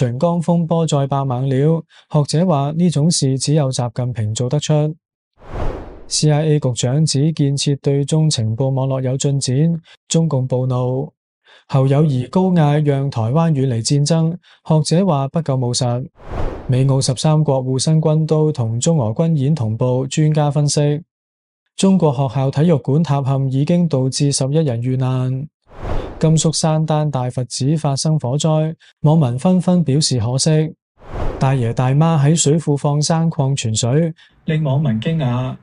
秦剛風波再爆猛料。學者話呢種事只有習近平做得出。CIA 局長指建設對中情報網絡有進展，中共暴怒。侯友宜高嗌讓台灣遠離戰爭，學者話不夠務實。美澳十三國護身軍刀同中俄軍演同步，專家分析中國學校體育館塌陷已經導致十一人遇難。甘肅山丹大佛寺發生火災，網民紛紛表示可惜。大爺大媽喺水庫放生礦泉水，令網民驚訝。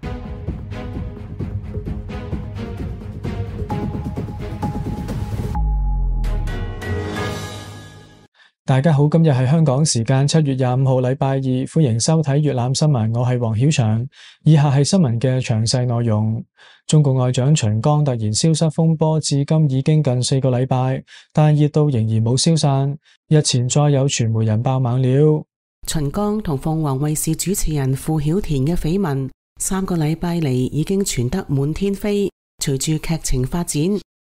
大家好，今日係香港時間七月廿五號，禮拜二，歡迎收睇粵語新聞，我係黃曉翔。以下係新聞嘅詳細內容。中國外長秦剛突然消失風波，至今已經近四個禮拜，但熱度仍然冇消散。日前再有傳媒人爆猛料。秦剛同鳳凰衛視主持人傅曉田嘅緋聞，三個禮拜嚟已經傳得滿天飛。隨住劇情發展，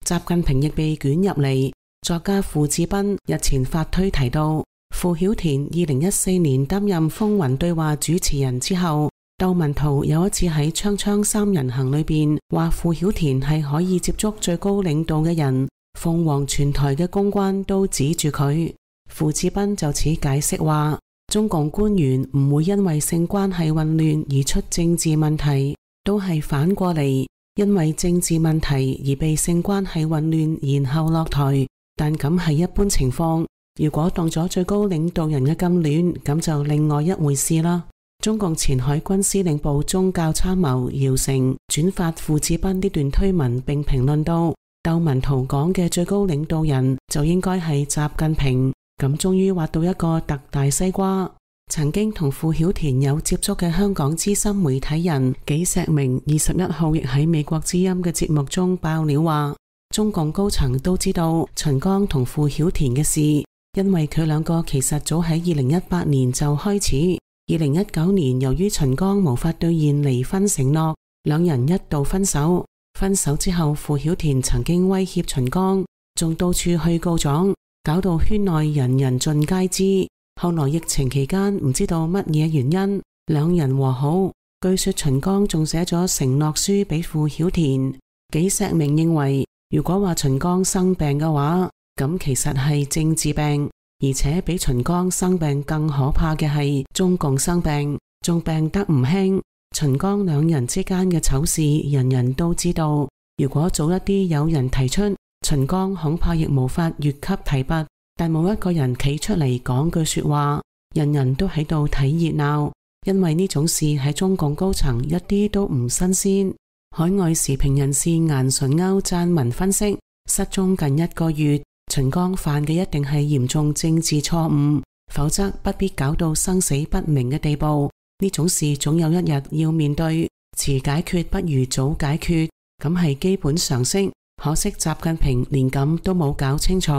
習近平亦被捲入嚟。作家傅志斌日前發推提到，傅曉田二零一四年擔任風雲對話主持人之後。竇文濤有一次喺《鏘鏘三人行》裏邊話傅曉田係可以接觸最高領導嘅人，鳳凰全台嘅公關都指住佢。傅志斌就此解釋話：中共官員唔會因為性關係混亂而出政治問題，都係反過嚟，因為政治問題而被性關係混亂，然後落台。但咁係一般情況，如果當咗最高領導人嘅禁臠，咁就另外一回事啦。中共前海軍司令部中校參謀姚成轉發傅志斌呢段推文，並評論到：斗文逃港嘅最高領導人就應該係習近平。咁終於挖到一個特大西瓜。曾經同傅曉田有接觸嘅香港資深媒體人紀碩鳴二十一號亦喺美國之音嘅節目中爆料話：中共高層都知道秦剛同傅曉田嘅事，因為佢兩個其實早喺二零一八年就開始。二零一九年，由於秦剛無法兌現離婚承諾，兩人一度分手。分手之後，傅曉田曾經威脅秦剛，仲到處去告狀，搞到圈內人人盡皆知。後來疫情期間，唔知道乜嘢原因，兩人和好。據說秦剛仲寫咗承諾書俾傅曉田。紀石明認為，如果話秦剛生病嘅話，咁其實係政治病。而且比秦剛生病更可怕嘅係中共生病，仲病得唔輕。秦剛兩人之間嘅醜事，人人都知道。如果早一啲有人提出，秦剛恐怕亦無法越級提拔，但冇一個人企出嚟，講句說話。人人都喺度睇熱鬧，因為呢種事喺中共高層一啲都唔新鮮。海外時評人士顏純歐撰文分析，失蹤近一個月。秦剛犯嘅一定係嚴重政治錯誤，否則不必搞到生死不明嘅地步。呢種事總有一日要面對，遲解決不如早解決，咁係基本常識。可惜習近平連咁都冇搞清楚。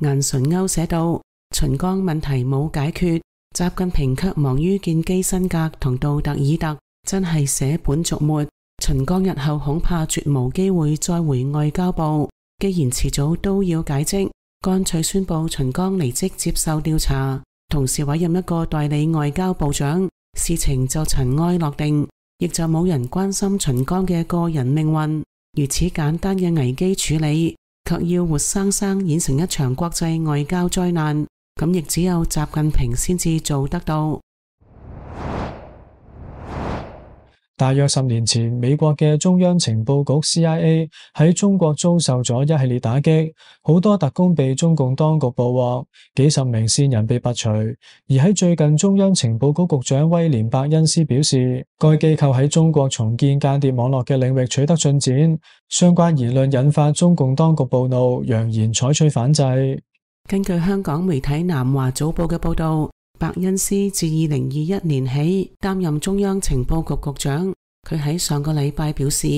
顏純鈎寫道，秦剛問題冇解決，習近平卻忙於建見基辛格同杜特爾特，真係捨本逐末。秦剛日後恐怕絕無機會再回外交部。既然遲早都要解職，乾脆宣布秦剛離職接受調查，同時委任一個代理外交部長，事情就塵埃落定，亦就冇人關心秦剛嘅個人命運。如此簡單嘅危機處理，卻要活生生演成一場國際外交災難，咁亦只有習近平先至做得到。大約十年前，美國嘅中央情報局 （CIA） 喺中國遭受咗一系列打擊，好多特工被中共當局捕獲，幾十名線人被拔除。而喺最近，中央情報局局長威廉·伯恩斯表示，該機構喺中國重建間諜網絡嘅領域取得進展。相關言論引發中共當局暴怒，揚言採取反制。根據香港媒體《南華早報》嘅報道。白恩斯自二零二一年起擔任中央情報局局長。佢喺上個禮拜表示，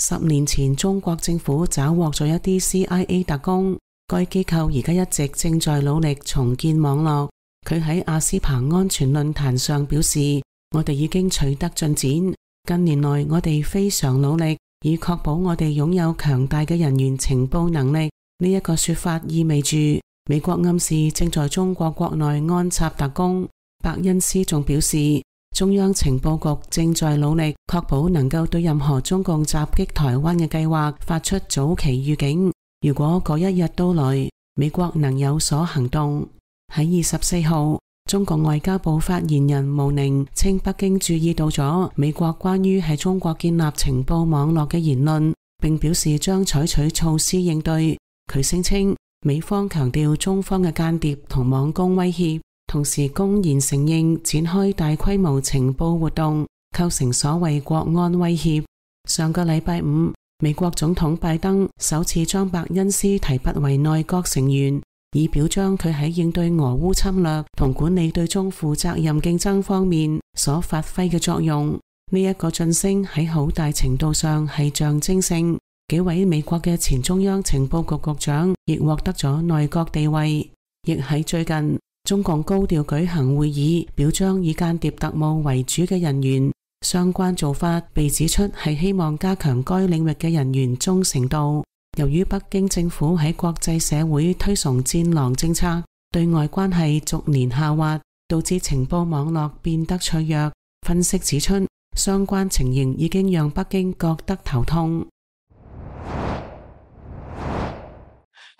十年前中國政府抓獲咗一啲 CIA 特工，該機構而家一直正在努力重建網絡。佢喺阿斯彭安全論壇上表示，我哋已經取得進展，近年來我哋非常努力，以確保我哋擁有強大嘅人員情報能力。呢、這、一個說法意味住。美國暗示正在中國國內安插特工，伯恩斯仲表示，中央情報局正在努力確保能夠對任何中共襲擊台灣嘅計劃發出早期預警。如果嗰一日到來，美國能有所行動。喺二十四號，中國外交部發言人毛寧稱，北京注意到咗美國關於喺中國建立情報網絡嘅言論，並表示將採取措施應對。佢聲稱。美方強調中方嘅間諜同網攻威脅，同時公然承認展開大規模情報活動，構成所謂國安威脅。上個禮拜五，美國總統拜登首次將伯恩斯提拔為內閣成員，以表彰佢喺應對俄烏侵略同管理對中負責任競爭方面所發揮嘅作用。呢一個晉升喺好大程度上係象徵性。幾位美國嘅前中央情報局局長亦獲得咗內閣地位，亦喺最近中共高調舉行會議，表彰以間諜特務為主嘅人員。相關做法被指出係希望加強該領域嘅人員忠誠度。由於北京政府喺國際社會推崇戰狼政策，對外關係逐年下滑，導致情報網絡變得脆弱。分析指出，相關情形已經讓北京覺得頭痛。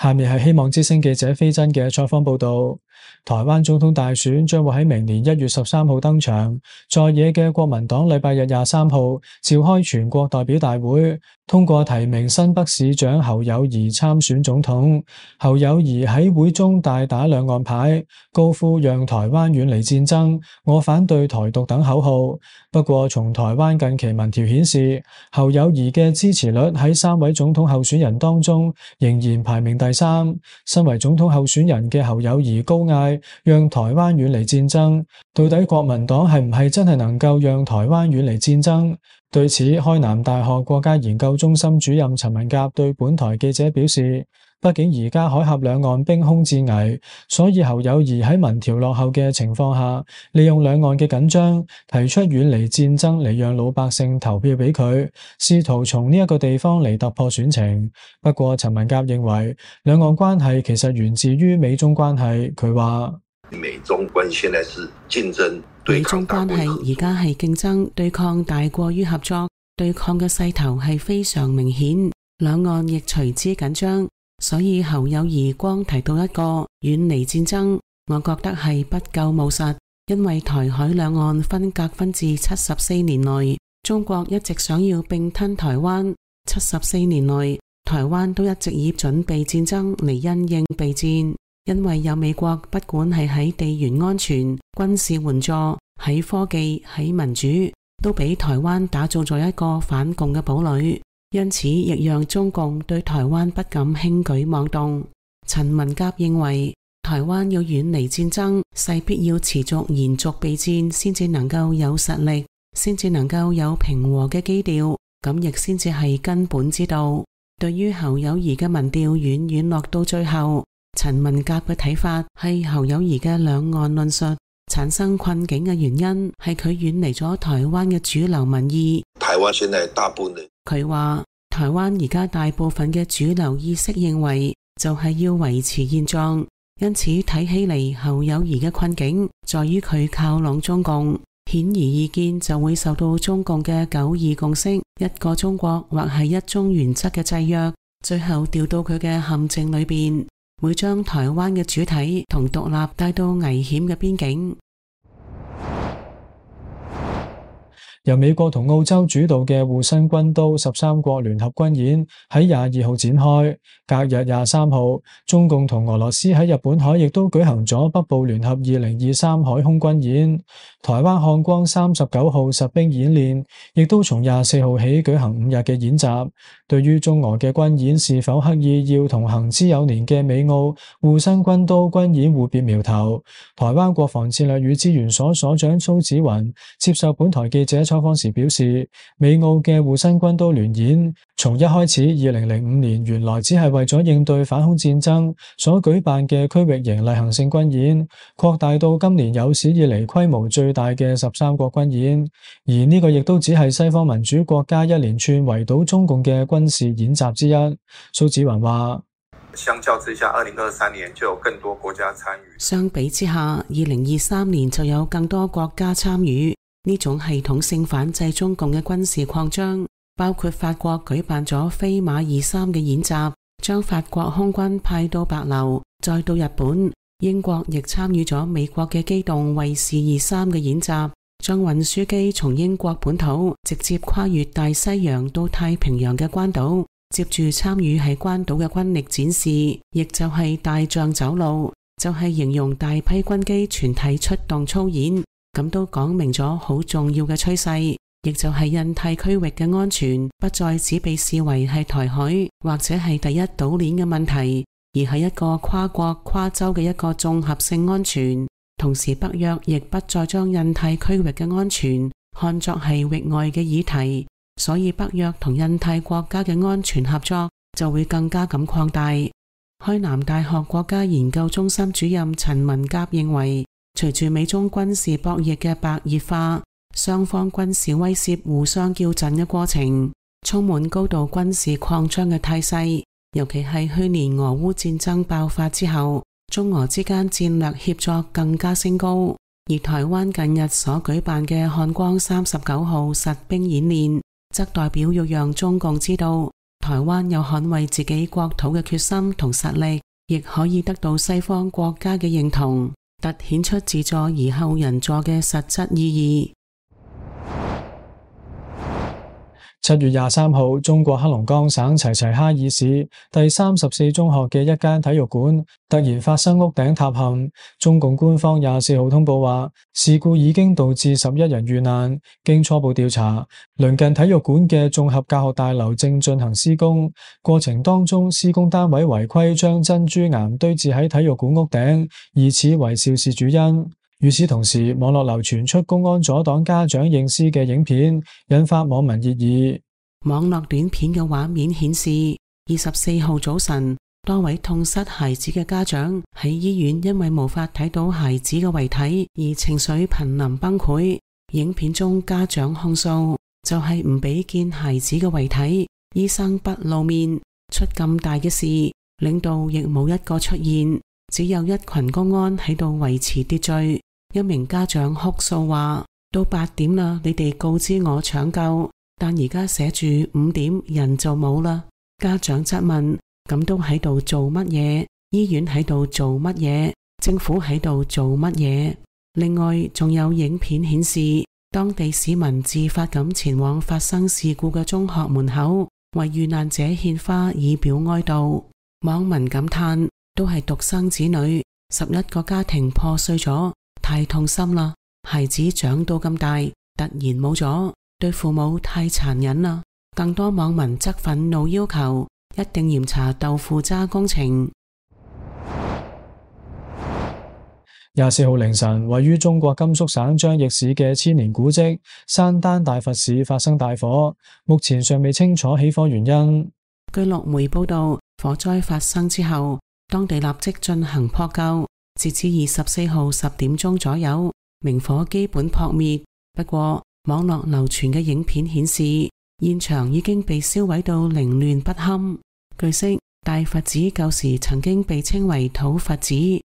下面係希望之聲記者飛真嘅採訪報道。台灣總統大選將會喺明年一月十三號登場。在野嘅國民黨禮拜日廿三號召開全國代表大會，通過提名新北市長侯友宜參選總統。侯友宜喺會中大打兩岸牌，高呼讓台灣遠離戰爭，我反對台獨等口號。不過，從台灣近期民調顯示，侯友宜嘅支持率喺三位總統候選人當中仍然排名第。第三，身為總統候選人嘅侯友宜高嗌讓台灣遠離戰爭，到底國民黨係唔係真係能夠讓台灣遠離戰爭？對此，開南大學國家研究中心主任陳文甲對本台記者表示。畢竟而家海峽兩岸兵兇戰危，所以侯友宜喺民調落後嘅情況下，利用兩岸嘅緊張，提出遠離戰爭嚟讓老百姓投票俾佢，試圖從呢一個地方嚟突破選情。不過陳文甲認為，兩岸關係其實源自於美中關係。佢話美中關係現在是競爭對抗關係，而家係競爭對抗大過於合，合作，對抗嘅勢頭係非常明顯，兩岸亦隨之緊張。所以侯友宜光提到一個遠離戰爭，我覺得係不夠務實，因為台海兩岸分隔分至七十四年內，中國一直想要併吞台灣，七十四年內台灣都一直以準備戰爭嚟因應備戰，因為有美國不管係喺地緣安全、軍事援助、喺科技、喺民主，都俾台灣打造咗一個反共嘅堡壘。因此，亦讓中共對台灣不敢輕舉妄動。陳文甲認為，台灣要遠離戰爭，勢必要持續延續備戰，先至能夠有實力，先至能夠有平和嘅基調，咁亦先至係根本之道。對於侯友宜嘅民調遠遠落到最後，陳文甲嘅睇法係侯友宜嘅兩岸論述產生困境嘅原因係佢遠離咗台灣嘅主流民意。台灣現在大部分。佢話：台灣而家大部分嘅主流意識認為，就係要維持現狀，因此睇起嚟侯友宜嘅困境，在於佢靠攏中共，顯而易見就會受到中共嘅九二共識、一個中國或係一中原則嘅制約，最後掉到佢嘅陷阱裏邊，會將台灣嘅主體同獨立帶到危險嘅邊境。由美國同澳洲主導嘅護身軍刀十三國聯合軍演喺廿二號展開，隔日廿三號，中共同俄羅斯喺日本海亦都舉行咗北部聯合二零二三海空軍演，台灣漢光三十九號實兵演練亦都從廿四號起舉行五日嘅演習。對於中俄嘅軍演是否刻意要同行之有年嘅美澳護身軍刀軍演互別苗頭，台灣國防戰略與資源所所長蘇紫雲接受本台記者雙方時表示，美澳嘅護身軍刀聯演從一開始，二零零五年原來只係為咗應對反恐戰爭所舉辦嘅區域型例行性軍演，擴大到今年有史以嚟規模最大嘅十三國軍演。而呢個亦都只係西方民主國家一連串圍堵中共嘅軍事演習之一。蘇紫雲話：相較之下，二零二三年就有更多國家參與。相比之下，二零二三年就有更多國家參與。呢種系統性反制中共嘅軍事擴張，包括法國舉辦咗飛馬二三嘅演習，將法國空軍派到白流，再到日本；英國亦參與咗美國嘅機動衛士二三嘅演習，將運輸機從英國本土直接跨越大西洋到太平洋嘅關島，接住參與喺關島嘅軍力展示，亦就係大象走路，就係形容大批軍機全體出動操演。咁都講明咗好重要嘅趨勢，亦就係印太區域嘅安全不再只被視為係台海或者係第一島鏈嘅問題，而係一個跨國跨州嘅一個綜合性安全。同時，北約亦不再將印太區域嘅安全看作係域外嘅議題，所以北約同印太國家嘅安全合作就會更加咁擴大。開南大學國家研究中心主任陳文甲認為。隨住美中軍事博弈嘅白熱化，雙方軍事威脅互相叫陣嘅過程，充滿高度軍事擴張嘅態勢。尤其係去年俄烏戰爭爆發之後，中俄之間戰略協作更加升高。而台灣近日所舉辦嘅漢光三十九號實兵演練，則代表要讓中共知道，台灣有捍衛自己國土嘅決心同實力，亦可以得到西方國家嘅認同。凸顯出自助而後人助嘅實質意義。七月廿三號，中國黑龍江省齊齊哈爾市第三十四中學嘅一間體育館突然發生屋頂塌陷。中共官方廿四號通報話，事故已經導致十一人遇難。經初步調查，鄰近體育館嘅綜合教學大樓正進行施工，過程當中施工單位違規將珍珠岩堆置喺體育館屋頂，以此為肇事主因。與此同時，網絡流傳出公安阻擋家長認屍嘅影片，引發網民熱議。網絡短片嘅畫面顯示，二十四號早晨，多位痛失孩子嘅家長喺醫院，因為無法睇到孩子嘅遺體而情緒瀕臨崩潰。影片中家長控訴就係唔俾見孩子嘅遺體，醫生不露面，出咁大嘅事，領導亦冇一個出現，只有一群公安喺度維持秩序。一名家長哭訴話：到八點啦，你哋告知我搶救，但而家寫住五點，人就冇啦。家長質問：咁都喺度做乜嘢？醫院喺度做乜嘢？政府喺度做乜嘢？另外，仲有影片顯示，當地市民自發咁前往發生事故嘅中學門口，為遇難者獻花以表哀悼。網民感嘆：都係獨生子女，十一個家庭破碎咗。太痛心啦！孩子長到咁大，突然冇咗，對父母太殘忍啦！更多網民則憤怒，要求一定嚴查豆腐渣工程。廿四號凌晨，位於中國甘肅省張掖市嘅千年古迹山丹大佛寺發生大火，目前尚未清楚起火原因。據陸媒報道，火災發生之後，當地立即進行撲救。截至二十四號十點鐘左右，明火基本撲滅。不過，網絡流傳嘅影片顯示，現場已經被燒毀到凌亂不堪。據悉，大佛寺舊時曾經被稱為土佛寺，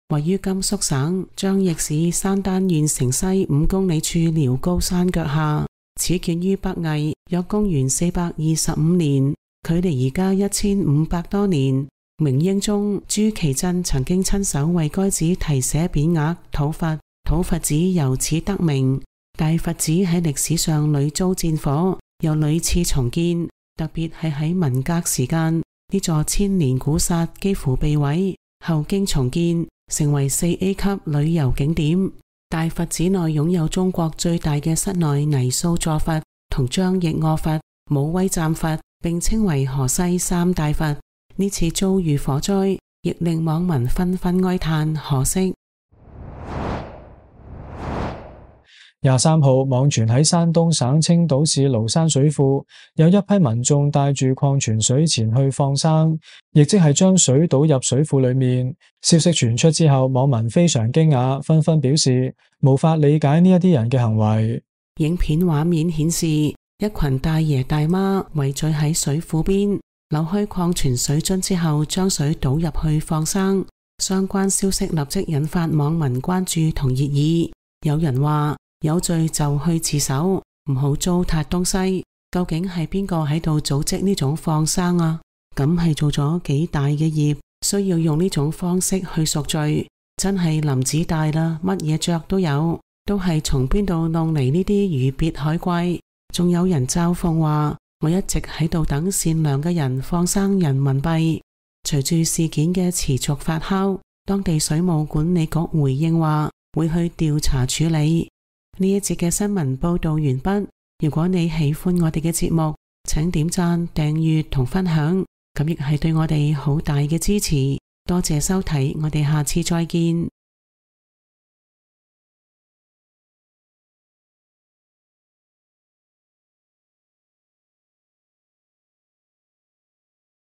位於甘肅省張掖市山丹縣城西五公里處遼高山腳下，始建於北魏，約公元四百二十五年，距離而家一千五百多年。明英宗朱祁鎮曾經親手為該寺題寫匾額，土佛，土佛寺由此得名。大佛寺喺歷史上屢遭戰火，又屢次重建。特別係喺文革時間，呢座千年古剎幾乎被毀，後經重建，成為四 A 級旅遊景點。大佛寺內擁有中國最大嘅室內泥塑坐佛同張掖臥佛、武威站佛，並稱為河西三大佛。呢次遭遇火災，亦令網民紛紛哀嘆可惜。廿三號網傳喺山東省青島市嶗山水庫有一批民眾帶住礦泉水前去放生，亦即係將水倒入水庫裏面。消息傳出之後，網民非常驚訝，紛紛表示無法理解呢一啲人嘅行為。影片畫面顯示，一群大爺大媽圍聚喺水庫邊。扭開礦泉水樽之後，將水倒入去放生。相關消息立即引發網民關注同熱議。有人話：有罪就去自首，唔好糟蹋東西。究竟係邊個喺度組織呢種放生啊？咁係做咗幾大嘅業，需要用呢種方式去贖罪。真係林子大啦，乜嘢雀都有，都係從邊度弄嚟呢啲魚鱉海龜？仲有人嘲諷話。我一直喺度等善良嘅人放生人民幣。隨住事件嘅持續發酵，當地水務管理局回應話會去調查處理。呢一節嘅新聞報道完畢。如果你喜歡我哋嘅節目，請點讚、訂閱同分享，咁亦係對我哋好大嘅支持。多謝收睇，我哋下次再見。